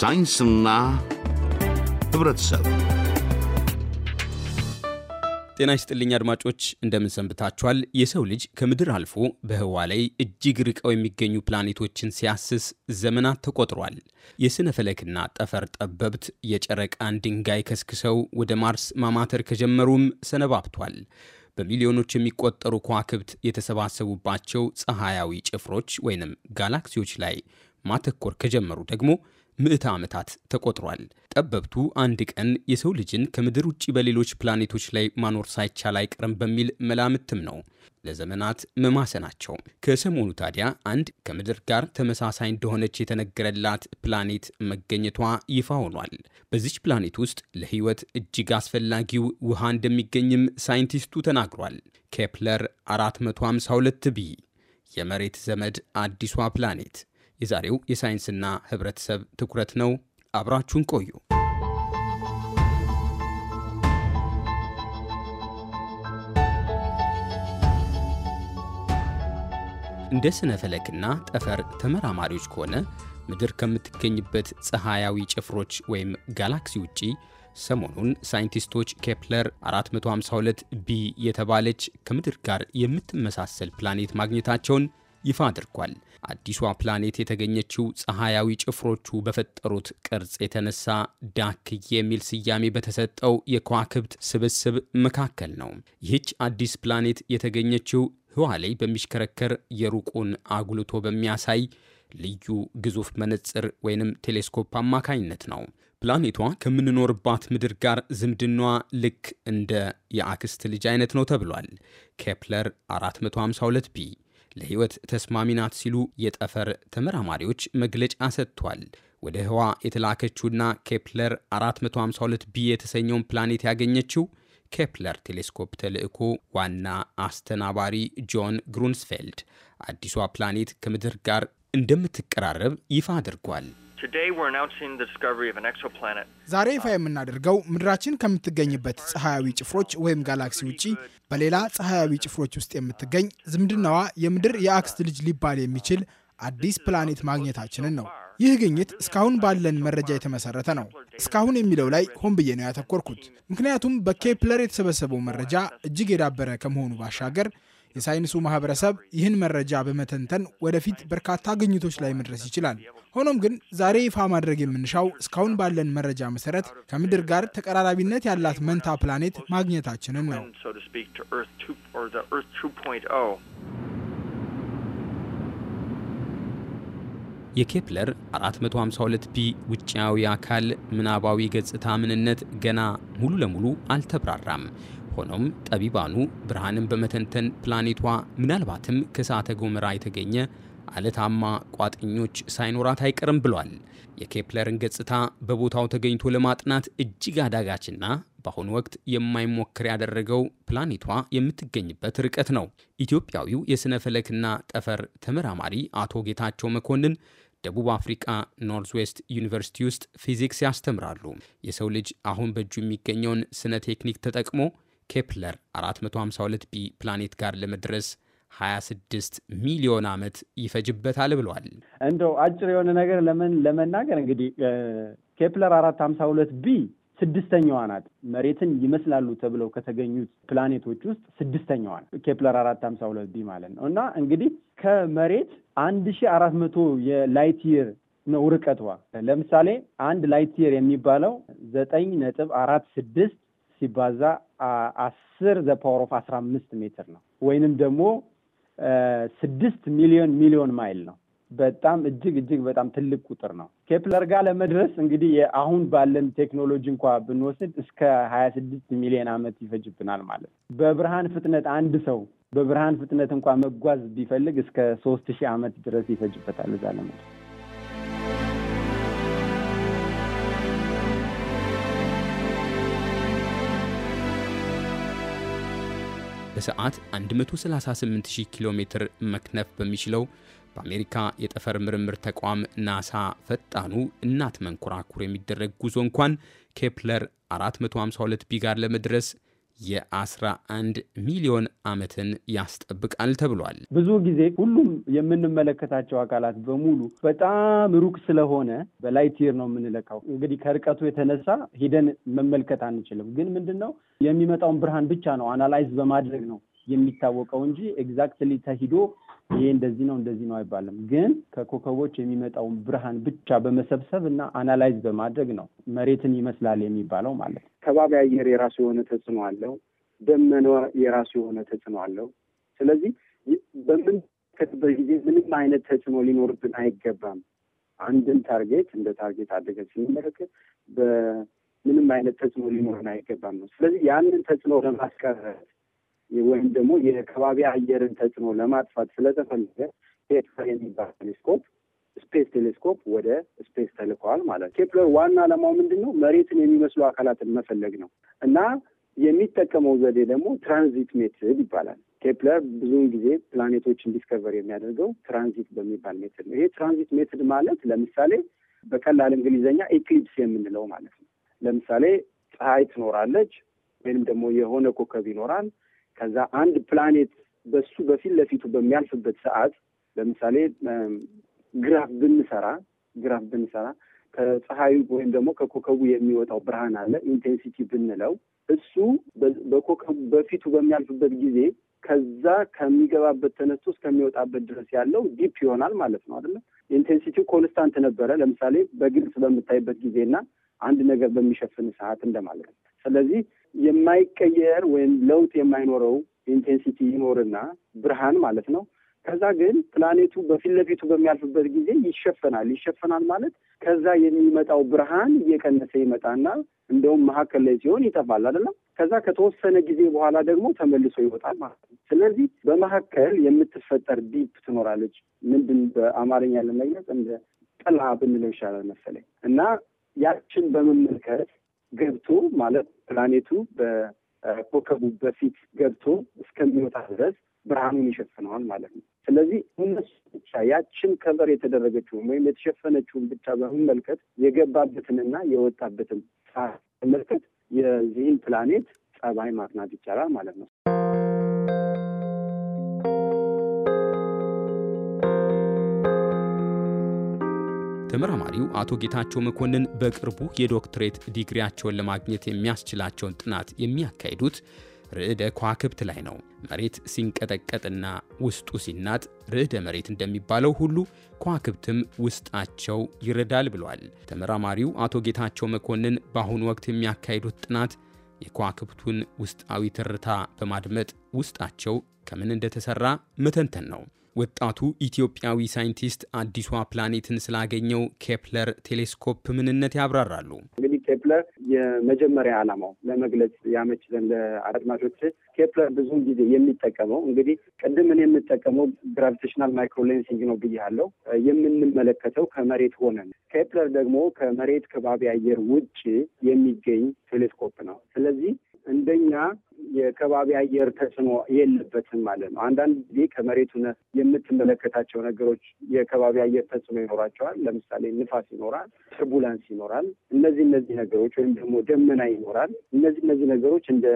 ሳይንስና ህብረተሰብ ጤና ይስጥልኝ አድማጮች፣ እንደምን ሰንብታችኋል? የሰው ልጅ ከምድር አልፎ በህዋ ላይ እጅግ ርቀው የሚገኙ ፕላኔቶችን ሲያስስ ዘመናት ተቆጥሯል። የሥነ ፈለክና ጠፈር ጠበብት የጨረቃን ድንጋይ ከስክሰው ወደ ማርስ ማማተር ከጀመሩም ሰነባብቷል። በሚሊዮኖች የሚቆጠሩ ከዋክብት የተሰባሰቡባቸው ፀሐያዊ ጭፍሮች ወይንም ጋላክሲዎች ላይ ማተኮር ከጀመሩ ደግሞ ምዕተ ዓመታት ተቆጥሯል። ጠበብቱ አንድ ቀን የሰው ልጅን ከምድር ውጭ በሌሎች ፕላኔቶች ላይ ማኖር ሳይቻል አይቀርም በሚል መላምትም ነው ለዘመናት መማሰናቸው። ከሰሞኑ ታዲያ አንድ ከምድር ጋር ተመሳሳይ እንደሆነች የተነገረላት ፕላኔት መገኘቷ ይፋ ሆኗል። በዚች ፕላኔት ውስጥ ለሕይወት እጅግ አስፈላጊው ውሃ እንደሚገኝም ሳይንቲስቱ ተናግሯል። ኬፕለር 452 ቢ የመሬት ዘመድ አዲሷ ፕላኔት የዛሬው የሳይንስና ህብረተሰብ ትኩረት ነው። አብራችሁን ቆዩ። እንደ ስነ ፈለክና ጠፈር ተመራማሪዎች ከሆነ ምድር ከምትገኝበት ፀሐያዊ ጭፍሮች ወይም ጋላክሲ ውጪ ሰሞኑን ሳይንቲስቶች ኬፕለር 452 ቢ የተባለች ከምድር ጋር የምትመሳሰል ፕላኔት ማግኘታቸውን ይፋ አድርጓል። አዲሷ ፕላኔት የተገኘችው ፀሐያዊ ጭፍሮቹ በፈጠሩት ቅርጽ የተነሳ ዳክ የሚል ስያሜ በተሰጠው የከዋክብት ስብስብ መካከል ነው። ይህች አዲስ ፕላኔት የተገኘችው ህዋ ላይ በሚሽከረከር የሩቁን አጉልቶ በሚያሳይ ልዩ ግዙፍ መነጽር ወይንም ቴሌስኮፕ አማካኝነት ነው። ፕላኔቷ ከምንኖርባት ምድር ጋር ዝምድናዋ ልክ እንደ የአክስት ልጅ አይነት ነው ተብሏል። ኬፕለር 452 ቢ ለህይወት ተስማሚ ናት ሲሉ የጠፈር ተመራማሪዎች መግለጫ ሰጥቷል። ወደ ህዋ የተላከችውና ኬፕለር 452 ቢ የተሰኘውን ፕላኔት ያገኘችው ኬፕለር ቴሌስኮፕ ተልእኮ ዋና አስተናባሪ ጆን ግሩንስፌልድ አዲሷ ፕላኔት ከምድር ጋር እንደምትቀራረብ ይፋ አድርጓል። ዛሬ ይፋ የምናደርገው ምድራችን ከምትገኝበት ፀሐያዊ ጭፍሮች ወይም ጋላክሲ ውጪ በሌላ ፀሐያዊ ጭፍሮች ውስጥ የምትገኝ ዝምድናዋ የምድር የአክስት ልጅ ሊባል የሚችል አዲስ ፕላኔት ማግኘታችንን ነው። ይህ ግኝት እስካሁን ባለን መረጃ የተመሰረተ ነው። እስካሁን የሚለው ላይ ሆን ብዬ ነው ያተኮርኩት፣ ምክንያቱም በኬፕለር የተሰበሰበው መረጃ እጅግ የዳበረ ከመሆኑ ባሻገር የሳይንሱ ማህበረሰብ ይህን መረጃ በመተንተን ወደፊት በርካታ ግኝቶች ላይ መድረስ ይችላል። ሆኖም ግን ዛሬ ይፋ ማድረግ የምንሻው እስካሁን ባለን መረጃ መሰረት ከምድር ጋር ተቀራራቢነት ያላት መንታ ፕላኔት ማግኘታችንን ነው። የኬፕለር 452 ቢ ውጫዊ አካል ምናባዊ ገጽታ ምንነት ገና ሙሉ ለሙሉ አልተብራራም። ሆኖም ጠቢባኑ ብርሃንን በመተንተን ፕላኔቷ ምናልባትም ከእሳተ ገሞራ የተገኘ አለታማ ቋጥኞች ሳይኖራት አይቀርም ብሏል። የኬፕለርን ገጽታ በቦታው ተገኝቶ ለማጥናት እጅግ አዳጋችና በአሁኑ ወቅት የማይሞክር ያደረገው ፕላኔቷ የምትገኝበት ርቀት ነው። ኢትዮጵያዊው የሥነ ፈለክና ጠፈር ተመራማሪ አቶ ጌታቸው መኮንን ደቡብ አፍሪካ ኖርዝ ዌስት ዩኒቨርሲቲ ውስጥ ፊዚክስ ያስተምራሉ። የሰው ልጅ አሁን በእጁ የሚገኘውን ስነ ቴክኒክ ተጠቅሞ ኬፕለር 452 ቢ ፕላኔት ጋር ለመድረስ 26 ሚሊዮን ዓመት ይፈጅበታል ብሏል። እንደው አጭር የሆነ ነገር ለምን ለመናገር እንግዲህ ኬፕለር 452 ቢ ስድስተኛዋ ናት። መሬትን ይመስላሉ ተብለው ከተገኙት ፕላኔቶች ውስጥ ስድስተኛዋ ናት ኬፕለር አራት ሀምሳ ሁለት ቢ ማለት ነው እና እንግዲህ ከመሬት አንድ ሺ አራት መቶ የላይትየር ነው ርቀቷ። ለምሳሌ አንድ ላይትየር የሚባለው ዘጠኝ ነጥብ አራት ስድስት ሲባዛ አስር ዘ ፓወር ኦፍ አስራ አምስት ሜትር ነው ወይንም ደግሞ ስድስት ሚሊዮን ሚሊዮን ማይል ነው። በጣም እጅግ እጅግ በጣም ትልቅ ቁጥር ነው። ኬፕለር ጋር ለመድረስ እንግዲህ አሁን ባለን ቴክኖሎጂ እንኳ ብንወስድ እስከ ሀያ ስድስት ሚሊዮን ዓመት ይፈጅብናል ማለት ነው። በብርሃን ፍጥነት አንድ ሰው በብርሃን ፍጥነት እንኳ መጓዝ ቢፈልግ እስከ ሶስት ሺህ ዓመት ድረስ ይፈጅበታል እዛ ለመድረስ በሰዓት 138000 ኪሎ ሜትር መክነፍ በሚችለው በአሜሪካ የጠፈር ምርምር ተቋም ናሳ ፈጣኑ እናት መንኮራኩር የሚደረግ ጉዞ እንኳን ኬፕለር 452 ቢ ጋር ለመድረስ የ11 ሚሊዮን ዓመትን ያስጠብቃል ተብሏል። ብዙ ጊዜ ሁሉም የምንመለከታቸው አካላት በሙሉ በጣም ሩቅ ስለሆነ በላይት ይር ነው የምንለካው። እንግዲህ ከርቀቱ የተነሳ ሂደን መመልከት አንችልም። ግን ምንድን ነው የሚመጣውን ብርሃን ብቻ ነው አናላይዝ በማድረግ ነው የሚታወቀው እንጂ ኤግዛክትሊ ተሂዶ ይሄ እንደዚህ ነው እንደዚህ ነው አይባልም። ግን ከኮከቦች የሚመጣውን ብርሃን ብቻ በመሰብሰብ እና አናላይዝ በማድረግ ነው መሬትን ይመስላል የሚባለው ማለት ነው። ከባቢ አየር የራሱ የሆነ ተጽዕኖ አለው። ደመና የራሱ የሆነ ተጽዕኖ አለው። ስለዚህ በምንከትበት ጊዜ ምንም አይነት ተጽዕኖ ሊኖርብን አይገባም። አንድን ታርጌት እንደ ታርጌት አድርገን ስንመለከት በምንም አይነት ተጽዕኖ ሊኖረን አይገባም ነው። ስለዚህ ያንን ተጽዕኖ ለማስቀረት ወይም ደግሞ የከባቢ አየርን ተጽዕኖ ለማጥፋት ስለተፈለገ ኬፕለር የሚባል ቴሌስኮፕ ስፔስ ቴሌስኮፕ ወደ ስፔስ ተልከዋል ማለት ነው። ኬፕለር ዋና ዓላማው ምንድን ነው? መሬትን የሚመስሉ አካላትን መፈለግ ነው እና የሚጠቀመው ዘዴ ደግሞ ትራንዚት ሜትድ ይባላል። ኬፕለር ብዙውን ጊዜ ፕላኔቶችን ዲስከቨር የሚያደርገው ትራንዚት በሚባል ሜትድ ነው። ይሄ ትራንዚት ሜትድ ማለት ለምሳሌ በቀላል እንግሊዝኛ ኤክሊፕስ የምንለው ማለት ነው። ለምሳሌ ፀሐይ ትኖራለች ወይንም ደግሞ የሆነ ኮከብ ይኖራል። ከዛ አንድ ፕላኔት በሱ በፊት ለፊቱ በሚያልፍበት ሰዓት ለምሳሌ ግራፍ ብንሰራ ግራፍ ብንሰራ ከፀሐዩ ወይም ደግሞ ከኮከቡ የሚወጣው ብርሃን አለ ኢንቴንሲቲ ብንለው እሱ በኮከቡ በፊቱ በሚያልፍበት ጊዜ ከዛ ከሚገባበት ተነስቶ እስከሚወጣበት ድረስ ያለው ዲፕ ይሆናል ማለት ነው አይደለም። ኢንቴንሲቲው ኮንስታንት ነበረ። ለምሳሌ በግልጽ በምታይበት ጊዜና አንድ ነገር በሚሸፍን ሰዓት እንደማለት ነው። ስለዚህ የማይቀየር ወይም ለውጥ የማይኖረው ኢንቴንሲቲ ይኖርና ብርሃን ማለት ነው። ከዛ ግን ፕላኔቱ በፊት ለፊቱ በሚያልፍበት ጊዜ ይሸፈናል። ይሸፈናል ማለት ከዛ የሚመጣው ብርሃን እየቀነሰ ይመጣና እንደውም መካከል ላይ ሲሆን ይጠፋል አይደለም። ከዛ ከተወሰነ ጊዜ በኋላ ደግሞ ተመልሶ ይወጣል ማለት ነው። ስለዚህ በመካከል የምትፈጠር ዲፕ ትኖራለች። ምንድን በአማርኛ ለመግለጽ እንደ ጥላ ብንለው ይሻላል መሰለኝ እና ያችን በመመልከት ገብቶ ማለት ፕላኔቱ በኮከቡ በፊት ገብቶ እስከሚወጣ ድረስ ብርሃኑን ይሸፍነዋል ማለት ነው። ስለዚህ እነሱ ብቻ ያችን ከበር የተደረገችውን ወይም የተሸፈነችውን ብቻ በመመልከት የገባበትንና የወጣበትን ሳመልከት የዚህን ፕላኔት ጸባይ ማጥናት ይቻላል ማለት ነው። ተመራማሪው አቶ ጌታቸው መኮንን በቅርቡ የዶክትሬት ዲግሪያቸውን ለማግኘት የሚያስችላቸውን ጥናት የሚያካሂዱት ርዕደ ከዋክብት ላይ ነው። መሬት ሲንቀጠቀጥና ውስጡ ሲናጥ ርዕደ መሬት እንደሚባለው ሁሉ ከዋክብትም ውስጣቸው ይረዳል ብሏል። ተመራማሪው አቶ ጌታቸው መኮንን በአሁኑ ወቅት የሚያካሂዱት ጥናት የከዋክብቱን ውስጣዊ ትርታ በማድመጥ ውስጣቸው ከምን እንደተሰራ መተንተን ነው። ወጣቱ ኢትዮጵያዊ ሳይንቲስት አዲሷ ፕላኔትን ስላገኘው ኬፕለር ቴሌስኮፕ ምንነት ያብራራሉ። እንግዲህ ኬፕለር የመጀመሪያ ዓላማው ለመግለጽ ያመችለን ለአድማጮች ኬፕለር ብዙውን ጊዜ የሚጠቀመው እንግዲህ ቅድም እኔ የምጠቀመው ግራቪቴሽናል ማይክሮሌንሲንግ ነው ብያለሁ። የምንመለከተው ከመሬት ሆነን፣ ኬፕለር ደግሞ ከመሬት ከባቢ አየር ውጭ የሚገኝ ቴሌስኮፕ ነው። ስለዚህ እንደኛ የከባቢ አየር ተጽዕኖ የለበትም ማለት ነው። አንዳንድ ጊዜ ከመሬቱ የምትመለከታቸው ነገሮች የከባቢ አየር ተጽዕኖ ይኖራቸዋል። ለምሳሌ ንፋስ ይኖራል፣ ትርቡላንስ ይኖራል። እነዚህ እነዚህ ነገሮች ወይም ደግሞ ደመና ይኖራል። እነዚህ እነዚህ ነገሮች እንደ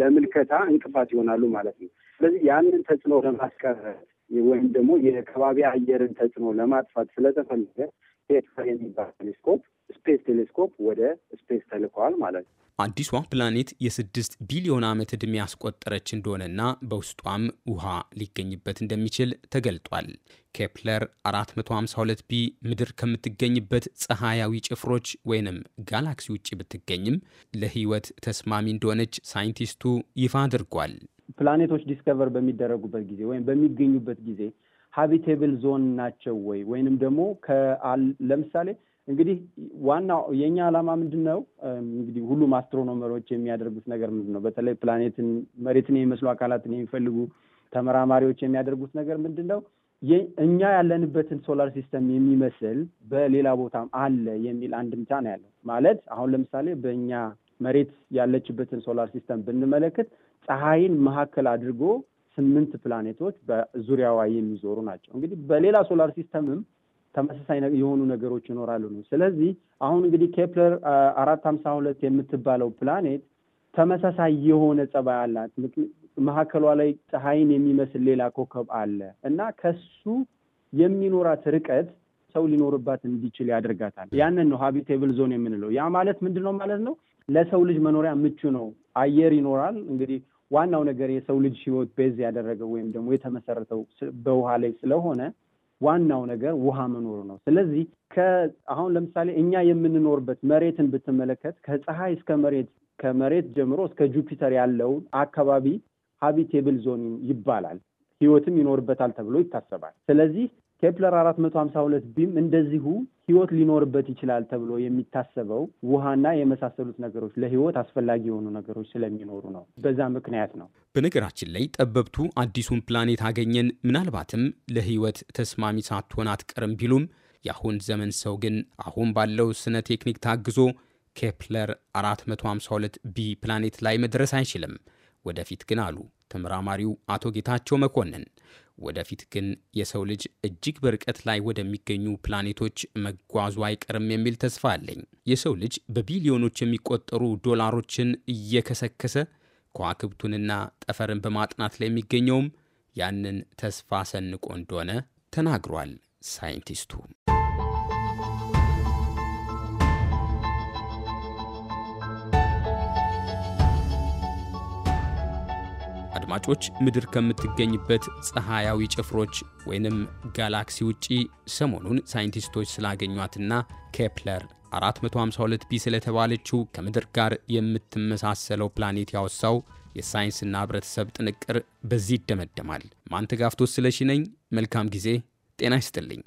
ለምልከታ እንቅፋት ይሆናሉ ማለት ነው። ስለዚህ ያንን ተጽዕኖ ለማስቀረት ወይም ደግሞ የከባቢ አየርን ተጽዕኖ ለማጥፋት ስለተፈለገ ፔትራ የሚባል ቴሌስኮፕ ስፔስ ቴሌስኮፕ ወደ ስፔስ ተልከዋል ማለት ነው። አዲሷ ፕላኔት የስድስት ቢሊዮን ዓመት ዕድሜ ያስቆጠረች እንደሆነና በውስጧም ውሃ ሊገኝበት እንደሚችል ተገልጧል። ኬፕለር 452 ቢ ምድር ከምትገኝበት ፀሐያዊ ጭፍሮች ወይንም ጋላክሲ ውጭ ብትገኝም ለሕይወት ተስማሚ እንደሆነች ሳይንቲስቱ ይፋ አድርጓል። ፕላኔቶች ዲስከቨር በሚደረጉበት ጊዜ ወይም በሚገኙበት ጊዜ ሀቢቴብል ዞን ናቸው ወይ ወይንም ደግሞ ለምሳሌ እንግዲህ ዋናው የኛ ዓላማ ምንድን ነው? እንግዲህ ሁሉም አስትሮኖመሮች የሚያደርጉት ነገር ምንድን ነው? በተለይ ፕላኔትን፣ መሬትን የሚመስሉ አካላትን የሚፈልጉ ተመራማሪዎች የሚያደርጉት ነገር ምንድን ነው? እኛ ያለንበትን ሶላር ሲስተም የሚመስል በሌላ ቦታም አለ የሚል አንድምታ ነው ያለው። ማለት አሁን ለምሳሌ በእኛ መሬት ያለችበትን ሶላር ሲስተም ብንመለከት ፀሐይን መካከል አድርጎ ስምንት ፕላኔቶች በዙሪያዋ የሚዞሩ ናቸው። እንግዲህ በሌላ ሶላር ሲስተምም ተመሳሳይ የሆኑ ነገሮች ይኖራሉ ነው። ስለዚህ አሁን እንግዲህ ኬፕለር አራት ሀምሳ ሁለት የምትባለው ፕላኔት ተመሳሳይ የሆነ ጸባይ አላት። መካከሏ ላይ ፀሐይን የሚመስል ሌላ ኮከብ አለ እና ከሱ የሚኖራት ርቀት ሰው ሊኖርባት እንዲችል ያደርጋታል። ያንን ነው ሀቢቴብል ዞን የምንለው። ያ ማለት ምንድን ነው ማለት ነው? ለሰው ልጅ መኖሪያ ምቹ ነው። አየር ይኖራል እንግዲህ ዋናው ነገር የሰው ልጅ ህይወት ቤዝ ያደረገው ወይም ደግሞ የተመሰረተው በውሃ ላይ ስለሆነ ዋናው ነገር ውሃ መኖሩ ነው። ስለዚህ አሁን ለምሳሌ እኛ የምንኖርበት መሬትን ብትመለከት ከፀሐይ እስከ መሬት ከመሬት ጀምሮ እስከ ጁፒተር ያለውን አካባቢ ሀቢቴብል ዞን ይባላል። ህይወትም ይኖርበታል ተብሎ ይታሰባል። ስለዚህ ኬፕለር 452 ቢም እንደዚሁ ህይወት ሊኖርበት ይችላል ተብሎ የሚታሰበው ውሃና የመሳሰሉት ነገሮች ለህይወት አስፈላጊ የሆኑ ነገሮች ስለሚኖሩ ነው። በዛ ምክንያት ነው። በነገራችን ላይ ጠበብቱ አዲሱን ፕላኔት አገኘን፣ ምናልባትም ለህይወት ተስማሚ ሳትሆን አትቀርም ቢሉም የአሁን ዘመን ሰው ግን አሁን ባለው ስነ ቴክኒክ ታግዞ ኬፕለር 452 ቢ ፕላኔት ላይ መድረስ አይችልም። ወደፊት ግን አሉ ተመራማሪው አቶ ጌታቸው መኮንን ወደፊት ግን የሰው ልጅ እጅግ በርቀት ላይ ወደሚገኙ ፕላኔቶች መጓዙ አይቀርም የሚል ተስፋ አለኝ። የሰው ልጅ በቢሊዮኖች የሚቆጠሩ ዶላሮችን እየከሰከሰ ከዋክብቱንና ጠፈርን በማጥናት ላይ የሚገኘውም ያንን ተስፋ ሰንቆ እንደሆነ ተናግሯል ሳይንቲስቱ። አድማጮች ምድር ከምትገኝበት ፀሐያዊ ጭፍሮች ወይንም ጋላክሲ ውጪ ሰሞኑን ሳይንቲስቶች ስላገኟትና ኬፕለር 452 ቢ ስለተባለችው ከምድር ጋር የምትመሳሰለው ፕላኔት ያወሳው የሳይንስና ህብረተሰብ ጥንቅር በዚህ ይደመደማል። ማንተጋፍቶ ስለሺ ነኝ። መልካም ጊዜ። ጤና ይስጥልኝ።